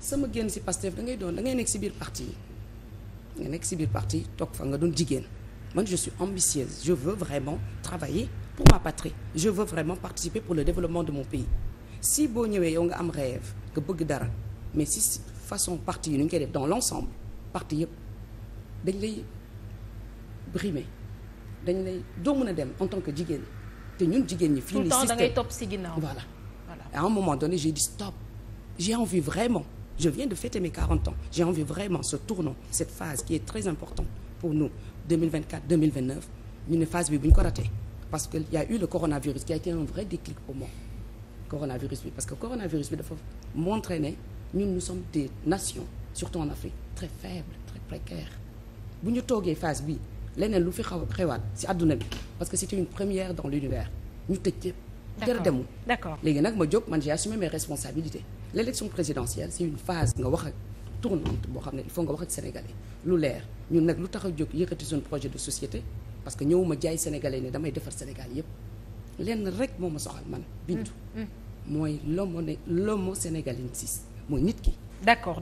sama génn si Pastef da ngay doon dangay ngay nekk si biir parti yi nga nekk si biir parti toog fa nga doon jigéen man je suis ambitieuse je veux vraiment travailler pour ma patrie je veux vraiment participer pour le développement de mon pays si boo ñëwee yow nga am rêve nga bëgg dara mais si façon parti yi nu ñu koy def dans l'ensemble parti yëpp dañ lay brimer dañ lay doo mën a dem en tant que jigéen te ñun jigéen ñi. fii nii système tout le temps da ngay topp si ginnaaw. voilà à un moment donné j'ai dit stop j'ai envie vraiment. Je viens de fêter mes 40 ans. J'ai envie vraiment ce tournant, cette phase qui est très importante pour nous, 2024 ne phase bi bu ñu parce que y a eu le coronavirus qui a été un vrai déclic pour moi. Coronavirus parce que coronavirus bi dafa montré ne ñun nous sommes des nations surtout en Afrique très faibles, très précaires. bu ñu toogee phase bi leneen lu fi xaw xewaat ci àdduna bi parce que c'était une première dans l'univers dara demul d'accord léegi nag ma jóg man j'ai assumé mes responsabilités l'élection présidentielle c'est une phase nga wax ak tournante boo xam ne il faut nga wax ak sénégalais lu leer ñun nag lu tax a jóg yëkkati suñu projet de société parce que ñëwuma jaay sénégalais ni damay defar Sénégal yépp lenn rek moo ma soxal man bindu mm, mm. mooy ne l'homo l'homo sénégalensis mooy nit ki d'accord